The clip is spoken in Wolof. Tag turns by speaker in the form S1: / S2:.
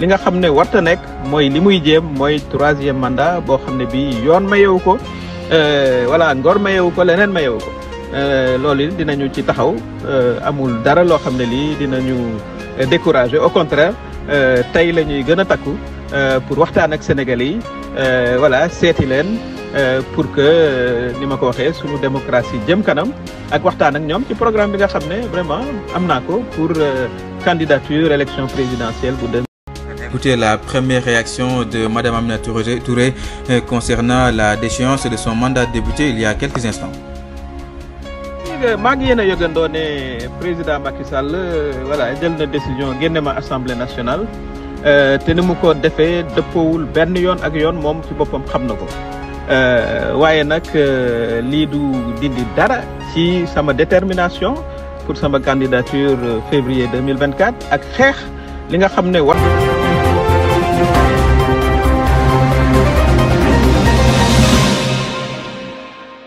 S1: li nga xam ne warta nekk mooy li muy jéem mooy troisième mandat boo xam ne bi yoon mayewu ko voilà euh, ngor mayewu ko leneen mayewu ko euh, loolu it ci taxaw euh, amul dara loo xam ne lii dinañu décourage au contraire tey la ñuy gën a takku pour waxtaan ak Sénégalais yi voilà seeti leen pour que ni ma ko waxee suñu démocratie jëm kanam ak waxtaan ak ñoom ci programme bi nga xam ne vraiment am naa ko pour candidature élection présidentielle bu
S2: Écoutez la première réaction de Madame Amina Touré, Touré euh, concernant la déchéance de son mandat débuté il y a quelques instants.
S1: maa ngi yéen a yëgandoo ne président Macky Sall euh, voilà jël na décision génne ma assemblée nationale euh, te ni mu ko defee dëppoowul benn yoon ak yoon moom ci boppam xam na ko waaye nag lii du dindi dara ci sama détermination pour sama candidature février 2024 ak xeex li nga xam ne war